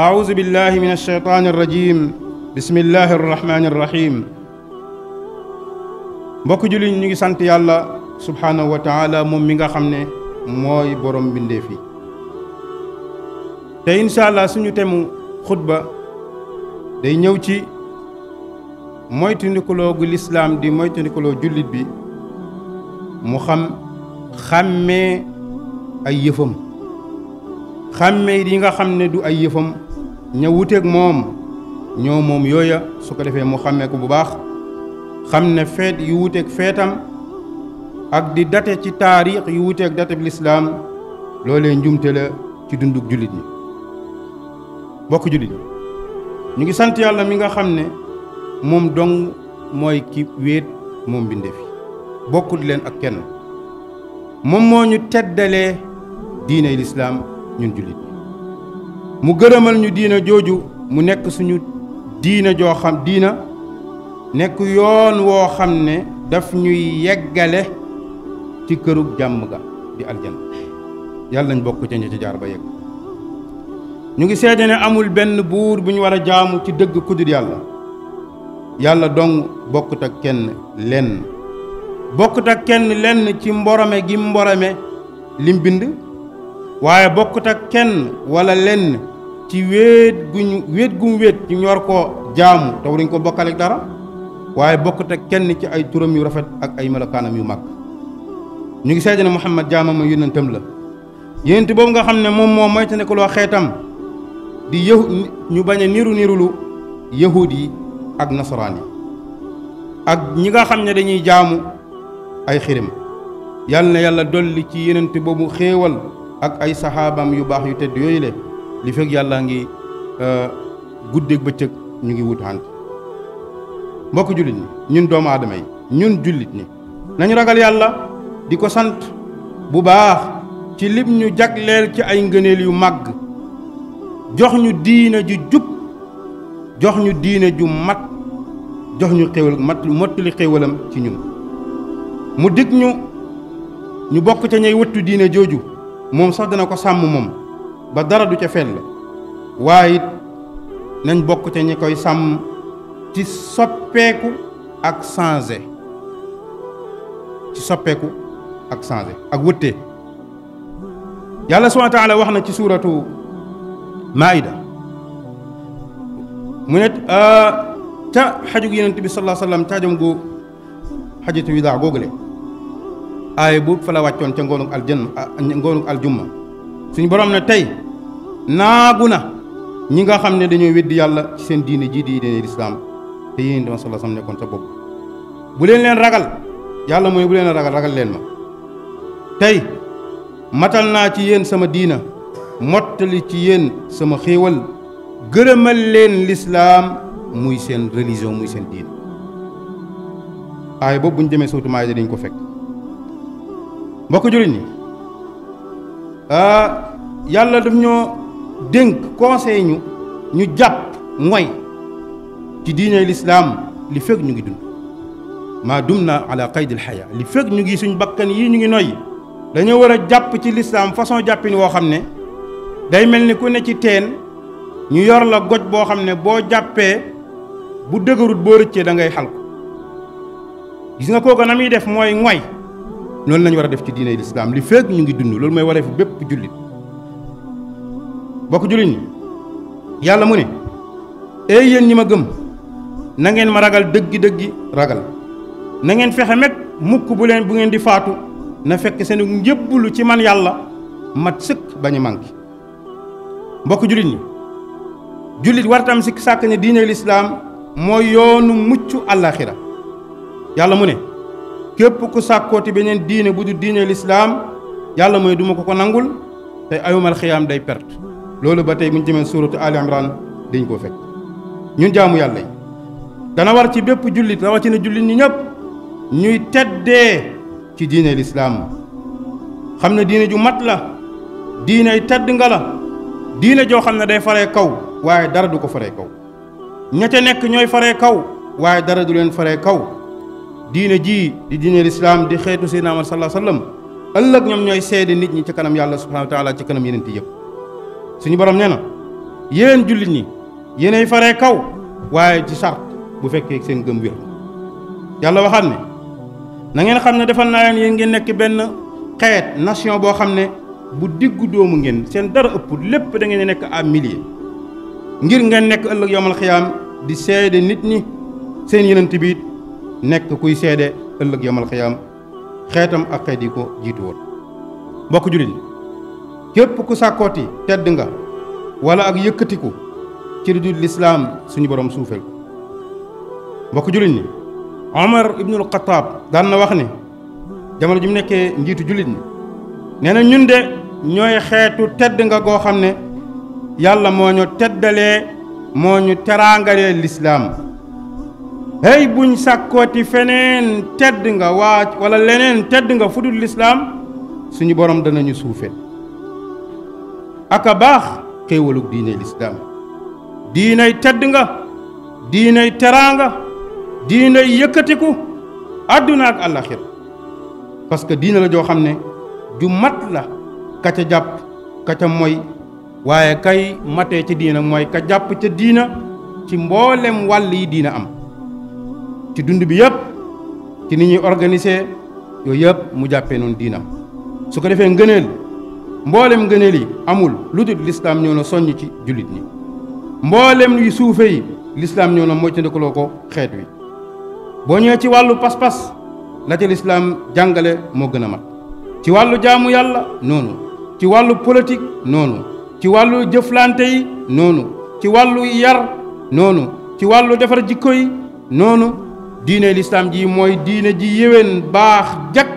أعوذ بالله من الشيطان الرجيم بسم الله الرحمن الرحيم بوك جولي نيغي سانت يالا سبحانه وتعالى موم ميغا خامني موي بوروم بيندي في تي ان شاء الله سونو تيمو خطبه داي نيو تي موي تنديكولو الاسلام دي موي تنديكولو جوليت بي مو خام خامي اي يفم خامي ديغا خامني دو اي يفم ña wuteeg moom ñoo moom yooya su ko defee mu xàmmee ko bu baax xam ne feet yu wuteeg feetam ak di date ci taarix yu wuteeg date bi lislaam loolee njumte ci dundug jullit mi bokk jullit ñu ngi sant yàlla mi nga xam ne moom dong mooy kii wéet moom bindee bokkut leen ak kenn moom moo ñu teddalee diiney lislaam ñun jullit mu gërëmal ñu diina jooju mu nekk suñu diina joo xam diina nekk yoon woo xam ne daf ñuy yeggale ci kërug jàmm ga di aljanna yàlla nañ bokk ca ñi ci ñu ngi seede ne amul benn buur bu war a jaamu ci dëgg ku yàlla yàlla dong bokkut ak kenn lenn bokkut ak kenn lenn ci mborome gi mborome lim bind waaye bokkut ak kenn walla lenn ci wéet guñu wéet gum wéet ci ñor koo jaamu taw duñ ko bokkaleek dara waaye bokkute kenn ci ay turam yu rafet ak ay melokaanam yu mag ñu ngi seede ne Muhammad jaamama yónnentam la yónnent boobu nga xam ne moom moo moyta ne ko loo xeetam di yahu ñu bañ a niru nirulu yahud yi ak nasaraan ak ñi nga xam ne dañuy jaamu ay xirim yal na yàlla dolli ci yónnent boobu xéewal ak ay saxaabam yu baax yu tedd yooyu le li fekk yàllaa ngi euh, guddeeg bëccëg ñu ngi wut ànd mbokk jullit ñi ñun doomu aadama yi ñun jullit ñi nañu ragal yàlla di ko sant bu baax ci lim ñu jagleel ci ay ngëneel yu màgg jox ñu diina ju jub jox ñu diine ju mat jox ñu xéwal mat mottali xéwalam ci ñun mu dig ñu ñu bokk ca ñay wëttu diina jooju moom sax dana ko sàmm moom ba dara du ca la waaye nañ bokk ca ñi koy sàmm ci soppeeku ak changé ci soppeeku ak changé ak wëttee yàlla subhaana taala wax na ci suuratu maayida mu ne ca xajug yonent bi salaa sallam caajam gu xajatu widaa googule aaya bu fa la wàccoon ca ngoonug aljanna ngoonug aljumma suñu borom ne tey naagu na ñi nga xam ne dañoo weddi yàlla ci seen diine ji di diine lislaam te yéen dama sala sam nekkoon sa bopp bu leen leen ragal yàlla mooy bu leen ragal ragal leen ma tey matal naa ci yéen sama diina mottali ci yéen sama xéewal gërëmal leen lislaam muy seen religion muy seen diine waaye boobu bu ñu demee maay dañ ko fekk mbokk jurit ñi Ah, yàlla daf ñoo dénk conseil ñu ñu jàpp mooy ci diine lislaam li fekk ñu ngi dund maa dum na ala qayd alxaya li fekk ñu ngi suñu bakkan yii ñu ngi noyyi dañoo war a jàpp ci lislaam façon jàppin woo xam ne day mel ni ku ne ci teen ñu yor la goj boo xam ne boo jàppee bu dëgërut boo rëccee da ngay xal ko gis nga kooku na muy def mooy ngoy noonu lañu war a def ci diine lislaam li fekk ñu ngi dund loolu mooy wareefu bépp jullit bokk jullit ñi yàlla mu ne ey yéen ñi ma gëm na ngeen ma ragal dëggi-dëggi ragal na ngeen fexe meg mukk bu leen bu ngeen di faatu na fekk seen njëbbulu ci man yàlla mat sëkk bañ a manqué mbokk jullit ñi jullit wartam sikk sàkk ne diine lislaam mooy yoonu mucc àllaaxira yàlla mu ne képp ku sàkkooti beneen diine bu du diine lislaam yàlla mooy duma ko ko nangul te ayumal xiyaam day perte loolu ba tey bu ñu jëmee suuratu Ali Imran dañ koo fekk ñun jaamu yàlla dana war ci bépp jullit rawatina jullit ñi ñëpp ñuy teddee ci diine lislaam xam ne diine ju mat la diiney tedd nga la diine joo xam ne day fare kaw waaye dara du ko faree kaw ña ca nekk ñooy faree kaw waaye dara du leen faree kaw diine ji di diine l'islam di xeetu seydina Muhammad sallallahu alayhi wasallam ëllëg ñom ñoy seede nit ñi ci kanam yàlla subhanahu wa taala ci kanam yeneen ti yëpp suñu borom neena yeen yéen jullit ñi yéenay faré kaw waye ci sar bu fekkee seen gëm wër yàlla waxaat ne na ngeen xam ne defal naa leen yéen ngeen nekk benn xeet nation boo xam ne bu diggu doomu ngeen seen dara ëpp lépp da ngeen nekk à millier ngir ngeen nekk ëllëg yomal xiyaam di seede nit ñi seen yeneen bi nekk kuy seede ëllëg ya xiyaam xeetam ak xeet yi ko jiitu woon mbokk képp ku sàkkooti tedd nga wala ak yëkkatiku ci lu dul lislaam suñu borom suufeel ko mbokk jullit ñi Omar ibnul Xataab daan na wax ni jamono ji mu nekkee njiitu jullit ñi nee na ñun de ñooy xeetu tedd nga goo xam ne yàlla moo ñu teddalee moo ñu teraangalee lislaam hey buñ sàkkooti feneen tedd nga waa wala leneen tedd nga fu fudul lislaam suñu borom ñu suufeel ak a baax xéewalug diiney lislaam diiney tedd nga diiney teraanga diiney yëkkatiku àdduna ak àllaxira parce que diine la joo xam ne ju mat la ka ca jàpp ka ca mooy waaye kay matee ca diina mooy ka jàpp ca diina ci mboolem wàll diina am ci dund bi yëpp ci ni ñuy organiser yooyu yëpp mu jàppee noonu diinam su ko defee ngëneel mboolem ngëneel yi amul lu dul lislaam ñoo na soññ ci julit ñi mboolem yu suufe yi lislaam ñoo na moytandikuloo ko xeet wi boo ñëwee ci wàllu pas-pas la ca lislaam jàngale moo gën a mat ci wàllu jaamu yàlla noonu ci wàllu politique noonu ci wàllu jëflante noonu ci wàllu yar noonu ci wàllu defar jikko noonu diine lislaam ji mooy diine ji yéwén baax jag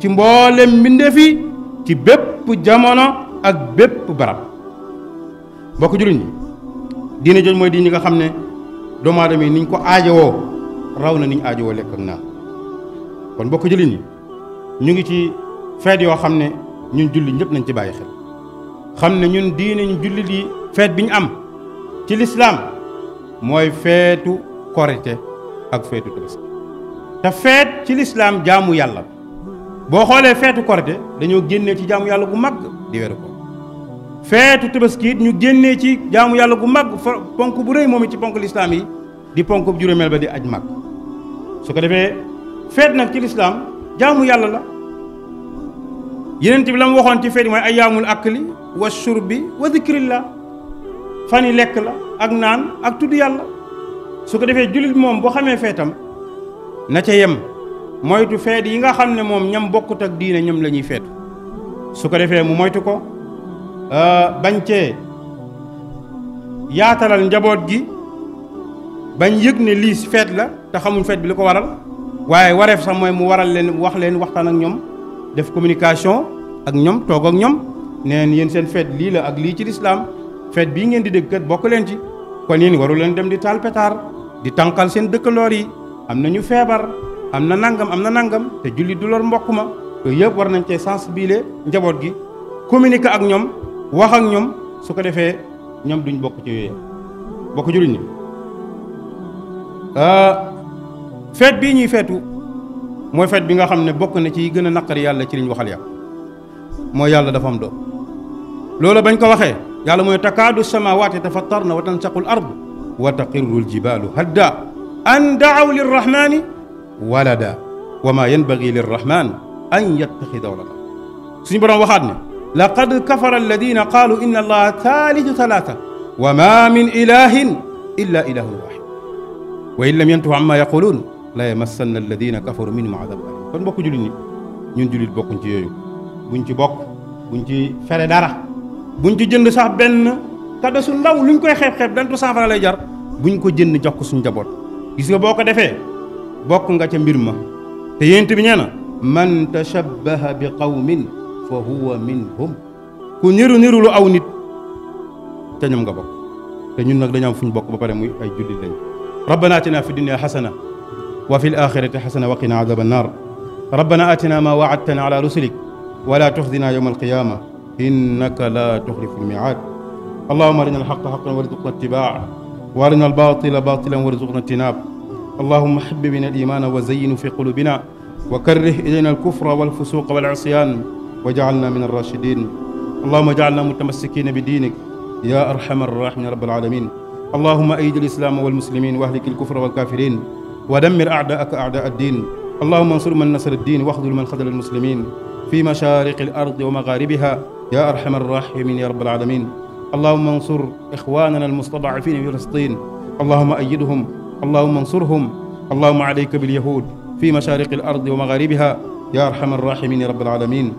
ci mboolem mbindeef ci bépp jamono ak bépp barab mbokk jullit ñi diine jooju mooy diine nga xam ne doomu aadama yi niñ ko aajowoo raw na niñ aajowoo lekk ak naan kon mbokk jullit ni ñu ngi ci feet yoo xam ne ñun julli ñëpp nañ ci bàyyi xel xam ne ñun diine ñu jullit yi feet bi ñu am ci lislaam mooy feetu korite ak feetu tabaski te feet ci lislaam jaamu yàlla boo xoolee feetu korite dañoo génnee ci jaamu yàlla bu mag di weeru feetu tabaski it ñu génnee ci jaamu yàlla bu mag ponk bu rëy moom ci ponk lislaam yi di ponk bu juróomeel ba di aj mag su ko defee feet nag ci lislaam jaamu yàlla la yenent bi la waxoon ci feet ay ayyaamul akli wa shurbi wa zikrillah fani lekk la ak naan ak tudd yàlla su ko defee jullit moom boo xamee feetam na ca yem moytu feet yi nga xam ne moom ñam bokkut ak diine ñoom la ñuy feetu su ko defee mu moytu ko euh, bañ cee yaatalal njaboot gi bañ yëg ne lii feet la te xamuñ feet bi li ko waral waaye wareef sax mooy mu waral leen wax leen waxtaan ak ñoom def communication ak ñoom toog ak ñoom neen yéen seen feet lii la ak lii ci lislaam feet bii ngeen di dégg kat leen ci kon yéen waru leen dem di taal pétard di tànqal seen dëkkandoor yi am na ñu feebar am na nangam am na nangam te julli du lor mbokk ma yooyu yëpp war nañ cee biile njaboot gi communiquer ak ñoom wax ak ñoom su ko defee ñoom duñu bokk ci yooyu bokk jullit ñi euh, feet bii ñuy feetu mooy feet bi nga xam ne bokk na ci gën a naqari yàlla ci liñ waxal yàlla mooy yàlla dafa am doom loolu bañ ko waxee yàlla mooy takaadu samaawaati tafattarna wa tanshaqul ard وتقر الجبال هدا أن دعوا للرحمن ولدا وما ينبغي للرحمن أن يتخذ ولدا سنبرا وخادنا لقد كفر الذين قالوا إن الله ثالث ثلاثة وما من إله إلا إله واحد وإن لم ينتهوا عما يقولون لا يمسن الذين كفروا منهم عذاب أليم kon bokku jullit ñi ñun jullit bokkuñ ci yooyu buñ ci bokk buñ ci fere dara buñ ci jënd sax benn kadda su ndaw luñ koy xeeb-xeeb dantu cent francs lay jar buñ ko jënd jox ko suñ njaboot gis nga boo ko defee bokk nga ca mbir ma te yént bi nee na man tashabbaha bi qawmin fa huwa minhum ku niru niru lu aw nit ca ñoom nga bokk te ñun nag dañu am fuñ bokk ba pare muy ay jullit lañ rabbana atina fi dunya xasana wa fi alaxirati xasana wa qina adaba annar rabbana atina ma waadtana ala rusulik wala tuxzina yowma alqiyama innaka la tuxlifu almiaad اللهم أرنا الحق حقا وارزقنا اتباعه وأرنا الباطل باطلا وارزقنا اجتنابه اللهم حبب بنا الإيمان وزينه في قلوبنا وكره إلينا الكفر والفسوق والعصيان وجعلنا من الراشدين اللهم اجعلنا متمسكين بدينك يا أرحم الراحمين رب العالمين اللهم أيد الإسلام والمسلمين واهلك الكفر والكافرين ودمر أعداءك أعداء الدين اللهم انصر من نصر الدين واخذل من خذل المسلمين في مشارق الأرض ومغاربها يا أرحم الراحمين يا رب العالمين اللهم انصر إخواننا المستضعفين في فلسطين اللهم أيدهم اللهم انصرهم اللهم عليك باليهود في مشارق الأرض ومغاربها يا أرحم الراحمين يا رب العالمين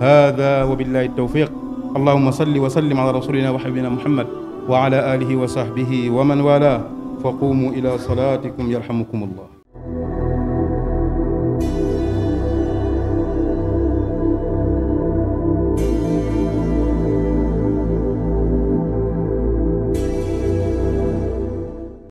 هذا وبالله التوفيق اللهم صل وسلم على رسولنا وحبيبنا محمد وعلى آله وصحبه ومن والاه فقوموا إلى صلاتكم يرحمكم الله